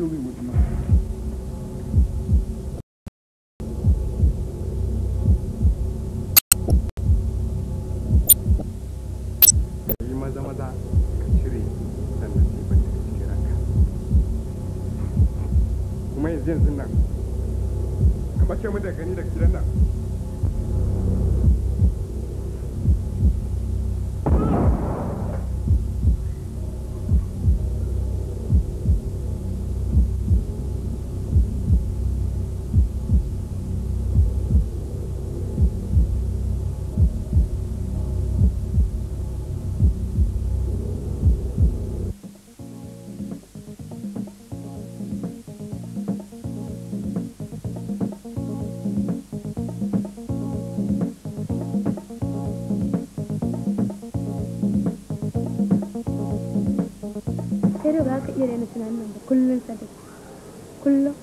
Gilby was murdered. kuma yanzu yanzu nan ka bace mu da gani daga gidan nan iya daina tunanin nan ba kullum sadiq kullum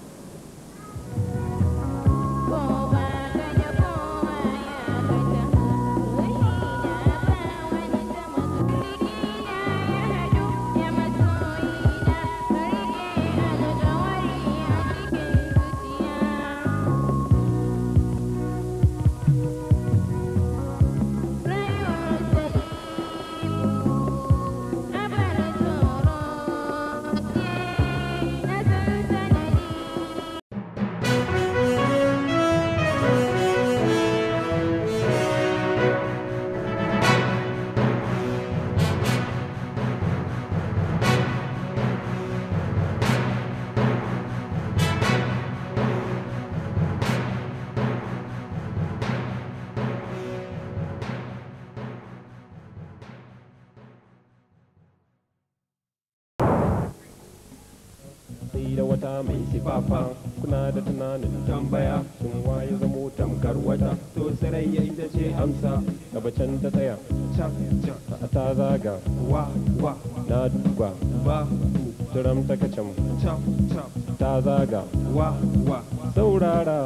da wata mai sifafa kuna da tunanin tambaya sun waye zamo tamkar wata to sarayya ita ce amsa gaba can ta tsaya a ta zaga wa wa na duba ba turam ta mu ta zaga wa wa saurara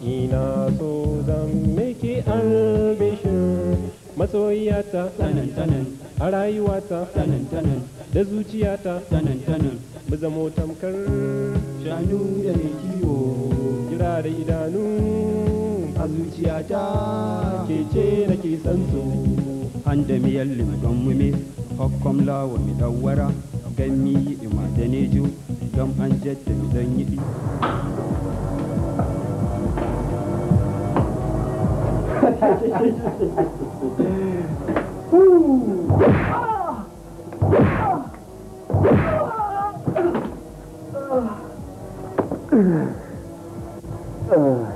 ina so zan miki albishin masoyata tanan tanan a rayuwata tanan da zuciyata tanan mu zamo tamkar shanu da mai kiwo jira da idanu a zuciyata ke ce da ke san su an da miyar limdon mume hokkom lawa mi dawara gan mi yi ima da nejo don an jadda mi don yi ha ha Ooh. Ah. Ah. Ah.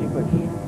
जी पक्षी